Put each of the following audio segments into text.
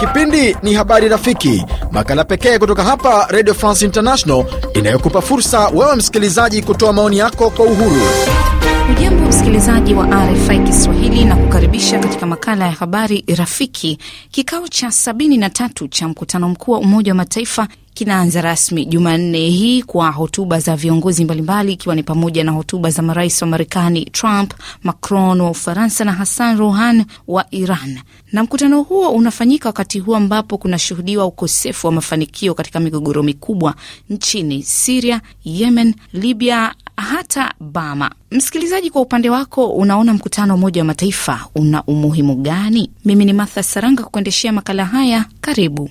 Kipindi ni Habari Rafiki, makala pekee kutoka hapa Radio France International inayokupa fursa wewe msikilizaji kutoa maoni yako kwa uhuru. Ujambo msikilizaji wa RFI Kiswahili na kukaribisha katika makala ya Habari Rafiki. Kikao cha 73 cha mkutano mkuu wa Umoja wa Mataifa kinaanza rasmi Jumanne hii kwa hotuba za viongozi mbalimbali, ikiwa ni pamoja na hotuba za marais wa Marekani Trump, Macron wa Ufaransa na Hassan Rouhani wa Iran. Na mkutano huo unafanyika wakati huu ambapo kunashuhudiwa ukosefu wa mafanikio katika migogoro mikubwa nchini Siria, Yemen, Libya hata Bama. Msikilizaji, kwa upande wako unaona mkutano wa Umoja wa Mataifa una umuhimu gani? Mimi ni Martha Saranga kukuendeshea makala haya. Karibu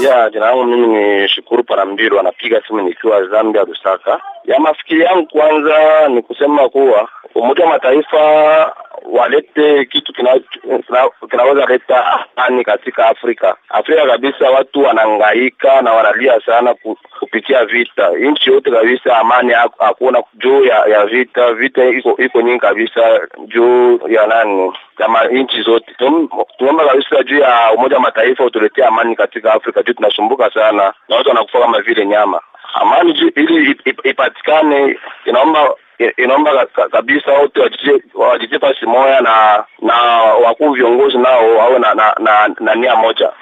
ya jina langu mimi ni Shukuru parambiru anapiga simu nikiwa Zambia, Lusaka. Ya mafikiri yangu kwanza ni kusema kuwa Umoja wa Mataifa walete kitu kinaweza leta amani katika Afrika. Afrika kabisa, watu wanangaika na wanalia sana kupitia vita. Nchi yote kabisa amani hakuna juu ya, ya vita. Vita iko iko nyingi kabisa juu ya nani, kama nchi zote tunaomba kabisa juu ya Umoja wa Mataifa utuletee amani katika Afrika juu tunasumbuka sana na watu wanakufa kama vile nyama. Amani juu ili ipatikane, inaomba inaomba kabisa wote wajitie pasi moya na na wakuu viongozi nao wawe na, na, na, na nia moja.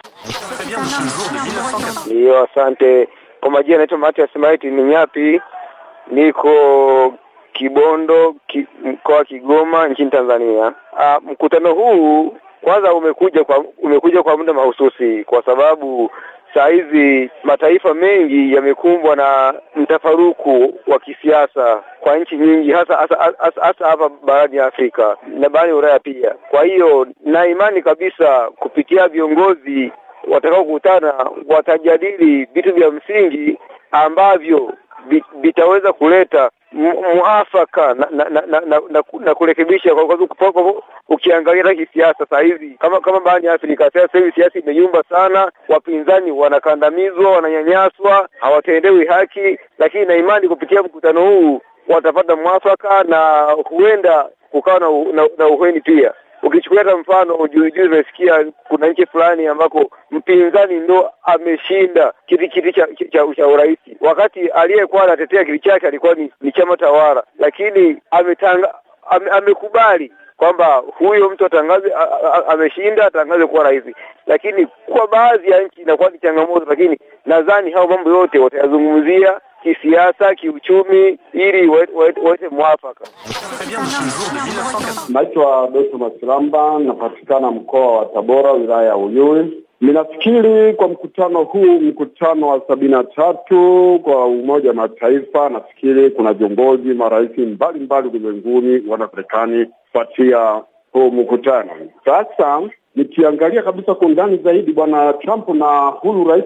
Ndiyo, asante kwa majina. Naitwa Matias Maiti ni Nyapi, niko Kibondo ki, mkoa wa Kigoma nchini Tanzania. Aa, ah, mkutano huu kwanza umekuja kwa umekuja kwa muda mahususi kwa sababu saa hizi mataifa mengi yamekumbwa na mtafaruku wa kisiasa kwa nchi nyingi, hasa hasa hapa barani ya Afrika na barani Ulaya pia. Kwa hiyo na imani kabisa kupitia viongozi watakaokutana watajadili vitu vya msingi ambavyo vitaweza kuleta muafaka na, na, na, na, na, na, na kurekebisha kwa ukiangalia hata kisiasa sasa hivi kama kama barani ya Afrika sasa hivi siasa imeyumba sana, wapinzani wanakandamizwa, wananyanyaswa, hawatendewi haki, lakini na imani kupitia mkutano huu watapata mwafaka na huenda kukawa na, na, na uheni pia. Ukichukulia hata mfano juzi umesikia kuna nchi fulani ambako mpinzani ndo ameshinda kiti kiti cha, cha, cha urais, wakati aliyekuwa anatetea kiti chake alikuwa ni, ni chama tawala, lakini ametanga, ame, amekubali kwamba huyo mtu atangaze ameshinda atangaze kuwa rais, lakini kwa baadhi ya nchi inakuwa ni changamoto, lakini nadhani hao mambo yote watayazungumzia kisiasa, kiuchumi, ili waweze mwafaka. Naitwa Doto Masilamba, napatikana mkoa wa Tabora, wilaya ya Uyui. Ninafikiri kwa mkutano huu, mkutano wa sabini na tatu kwa Umoja wa Mataifa, nafikiri kuna viongozi marais mbalimbali ulimwenguni wanapatikani kufuatia huu mkutano. Sasa nikiangalia kabisa kwa undani zaidi, bwana Trump na huyu rais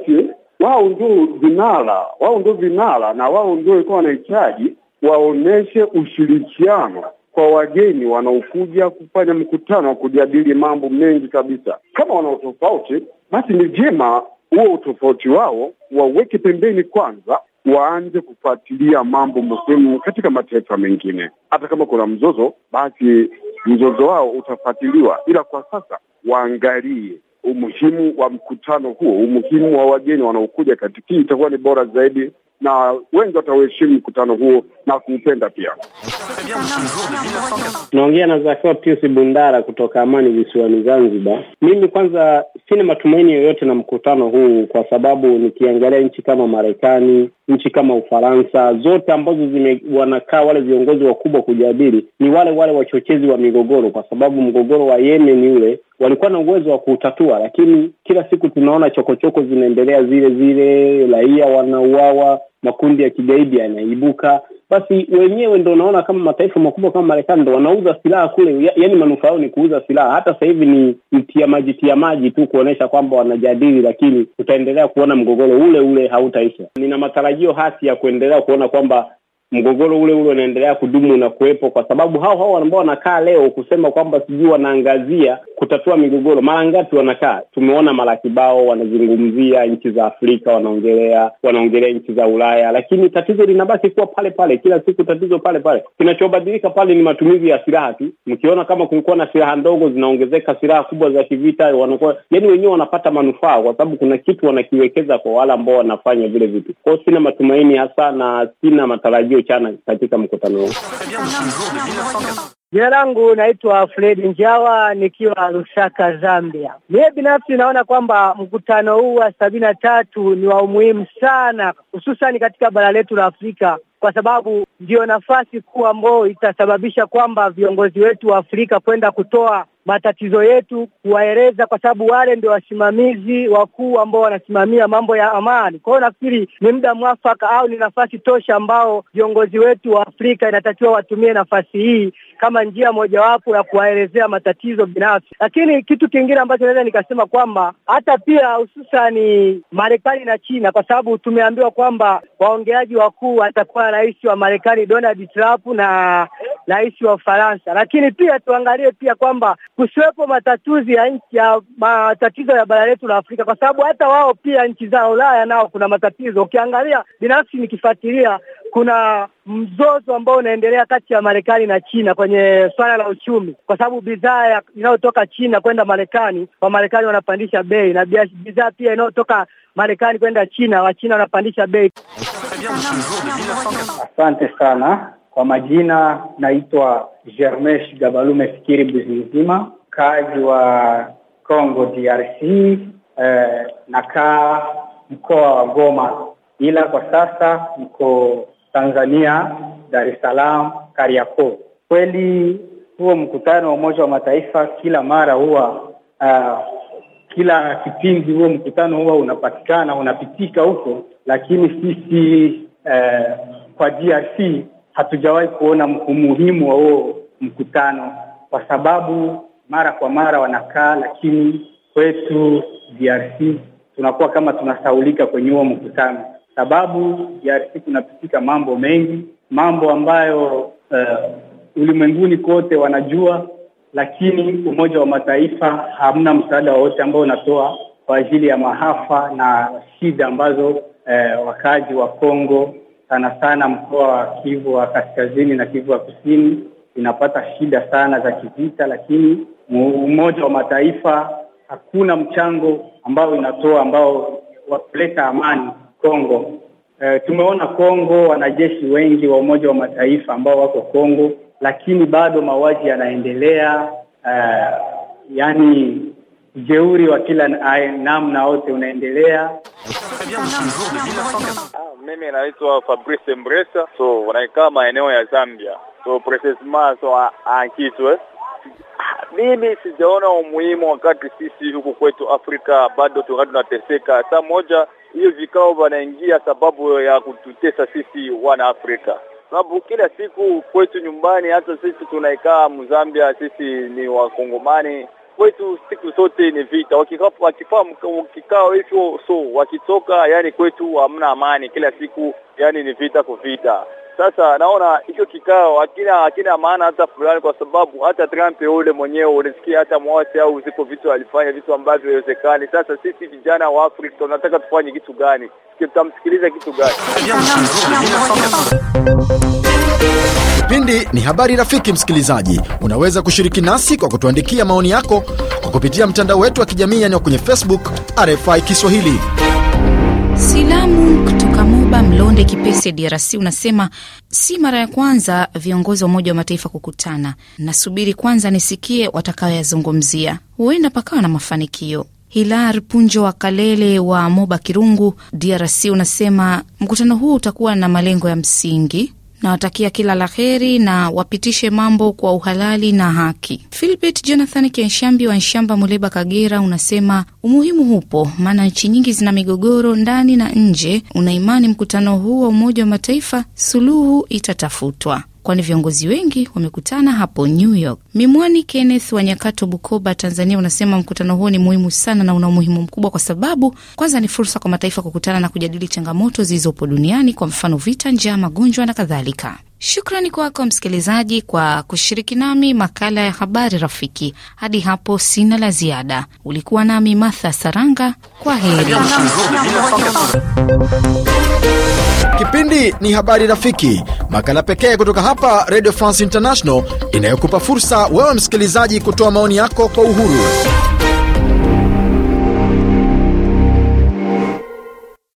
wao ndio vinara, wao ndio vinara, na wao ndio walikuwa wanahitaji waoneshe ushirikiano kwa wageni wanaokuja kufanya mkutano wa kujadili mambo mengi kabisa. Kama wana utofauti, basi ni vyema huo utofauti wao waweke pembeni kwanza, waanze kufuatilia mambo muhimu katika mataifa mengine. Hata kama kuna mzozo, basi mzozo wao utafuatiliwa, ila kwa sasa waangalie umuhimu wa mkutano huo, umuhimu wa wageni wanaokuja katika hii, itakuwa ni bora zaidi na wengi wataheshimu mkutano huo na kuupenda pia. Naongea na Zakio Pius Bundara kutoka Amani visiwani Zanzibar. Mimi kwanza sina matumaini yoyote na mkutano huu, kwa sababu nikiangalia nchi kama Marekani, nchi kama Ufaransa, zote ambazo zime wanakaa wale viongozi wakubwa kujadili ni wale wale wachochezi wa migogoro, kwa sababu mgogoro wa Yemen ule walikuwa na uwezo wa kutatua lakini kila siku tunaona chokochoko zinaendelea zile zile, raia wanauawa, makundi ya kigaidi yanaibuka. Basi wenyewe ndo unaona kama mataifa makubwa kama Marekani ndo wanauza silaha kule, yaani manufaa yao ni kuuza silaha. Hata sasa hivi ni tia maji tia maji tu kuonyesha kwamba wanajadili, lakini tutaendelea kuona mgogoro ule ule hautaisha. Nina matarajio hasi ya kuendelea kuona kwamba mgogoro ule ule unaendelea kudumu na kuwepo, kwa sababu hao hao ambao wanakaa leo kusema kwamba sijui wanaangazia kutatua migogoro. Mara ngapi wanakaa? Tumeona mara kibao wanazungumzia nchi za Afrika, wanaongelea wanaongelea nchi za Ulaya, lakini tatizo linabaki kuwa pale pale, kila siku tatizo pale pale. Kinachobadilika pale ni matumizi ya silaha tu. Mkiona kama kulikuwa na silaha ndogo zinaongezeka, silaha kubwa za kivita, wanakuwa yani wenyewe wanapata manufaa, kwa sababu kuna kitu wanakiwekeza kwa wale ambao wanafanya vile vitu. kwao sina matumaini hasa na sina matarajio chana katika mkutano huu. Jina langu naitwa Fred Njawa nikiwa Lusaka, Zambia. Mie binafsi naona kwamba mkutano huu wa sabini na tatu ni wa umuhimu sana, hususani katika bara letu la Afrika kwa sababu ndiyo nafasi kuu ambayo itasababisha kwamba viongozi wetu wa Afrika kwenda kutoa matatizo yetu, kuwaeleza, kwa sababu wale ndio wasimamizi wakuu ambao wanasimamia mambo ya amani. Kwa hiyo nafikiri ni muda mwafaka au ni nafasi tosha ambao viongozi wetu wa Afrika inatakiwa watumie nafasi hii kama njia mojawapo ya kuwaelezea matatizo binafsi. Lakini kitu kingine ambacho naweza nikasema kwamba hata pia hususani Marekani na China, kwa sababu tumeambiwa kwamba waongeaji wakuu atakuwa rais wa Marekani Donald Trump na rais wa Ufaransa. Lakini pia tuangalie pia kwamba kusiwepo matatuzi ya nchi ya matatizo ya bara letu la Afrika, kwa sababu hata wao pia nchi za Ulaya nao kuna matatizo. Ukiangalia binafsi, nikifuatilia kuna mzozo ambao unaendelea kati ya Marekani na China kwenye swala la uchumi, kwa sababu bidhaa inayotoka China kwenda Marekani, Wamarekani wanapandisha bei, na bidhaa pia inayotoka Marekani kwenda China, Wachina wanapandisha bei. Asante sana. Kwa majina naitwa Germesh Gabalume Fikiri Buzinzima, kazi wa Congo DRC eh, nakaa mkoa wa Goma, ila kwa sasa niko Tanzania, Dar es Salaam, Kariakoo. Kweli huo mkutano wa Umoja wa Mataifa kila mara huwa uh, kila kipindi huo mkutano huwa unapatikana unapitika huko, lakini sisi uh, kwa DRC hatujawahi kuona umuhimu wa huo mkutano, kwa sababu mara kwa mara wanakaa, lakini kwetu DRC tunakuwa kama tunasaulika kwenye huo mkutano, sababu DRC kunapitika mambo mengi, mambo ambayo uh, ulimwenguni kote wanajua, lakini Umoja wa Mataifa hamna msaada wowote ambao unatoa kwa ajili ya mahafa na shida ambazo uh, eh, wakazi wa Kongo sana sana mkoa wa Kivu wa kaskazini na Kivu wa kusini inapata shida sana za kivita, lakini Umoja wa Mataifa hakuna mchango ambao inatoa ambao wakuleta amani Kongo. E, tumeona Kongo wanajeshi wengi wa Umoja wa Mataifa ambao wako Kongo, lakini bado mauaji yanaendelea. E, yani ujeuri wa kila namna wote unaendelea. Ah, mimi naitwa Fabrice Mbresa, so wanaikaa maeneo ya Zambia, so precisement so Ankitwe. Eh? Mimi sijaona umuhimu wakati sisi huku kwetu Afrika bado tungali tunateseka. Saa moja hiyo vikao vanaingia sababu ya kututesa sisi wana Afrika, sababu kila siku kwetu nyumbani, hata sisi tunaikaa Mzambia, sisi ni Wakongomani kwetu siku zote ni vita. Wakifaa kikao hivyo, so wakitoka, yani kwetu hamna amani, kila siku yani ni vita kuvita. Sasa naona hicho kikao hakina hakina maana hata fulani, kwa sababu hata Trump yule mwenyewe unasikia hata mwasi au ziko vitu alifanya vitu ambavyo haiwezekani. Sasa sisi vijana wa Afrika tunataka tufanye kitu gani? Tutamsikiliza kitu gani? Kipindi ni habari rafiki. Msikilizaji, unaweza kushiriki nasi kwa kutuandikia maoni yako kwa kupitia mtandao wetu wa kijamii yani kwenye Facebook RFI Kiswahili. Silamu kutoka Moba Mlonde Kipese, DRC unasema si mara ya kwanza viongozi wa Umoja wa Mataifa kukutana, nasubiri kwanza nisikie watakayoyazungumzia, huenda pakawa na mafanikio. Hilar Punjo wa Kalele wa Moba Kirungu, DRC unasema mkutano huu utakuwa na malengo ya msingi nawatakia kila la heri na wapitishe mambo kwa uhalali na haki. Philbert Jonathan Kenshambi wa Nshamba, Muleba, Kagera, unasema umuhimu hupo, maana nchi nyingi zina migogoro ndani na nje. Unaimani mkutano huu wa Umoja wa Mataifa suluhu itatafutwa kwani viongozi wengi wamekutana hapo New York. Mimwani Kenneth wa Nyakato, Bukoba, Tanzania, unasema mkutano huo ni muhimu sana na una umuhimu mkubwa kwa sababu kwanza ni fursa kwa mataifa kukutana na kujadili changamoto zilizopo duniani, kwa mfano vita, njaa, magonjwa na kadhalika. Shukrani kwako msikilizaji kwa kushiriki nami makala ya habari rafiki. Hadi hapo sina la ziada. Ulikuwa nami Martha Saranga, kwa heri. Kipindi ni habari rafiki, makala pekee kutoka hapa Radio France International inayokupa fursa wewe msikilizaji kutoa maoni yako kwa uhuru.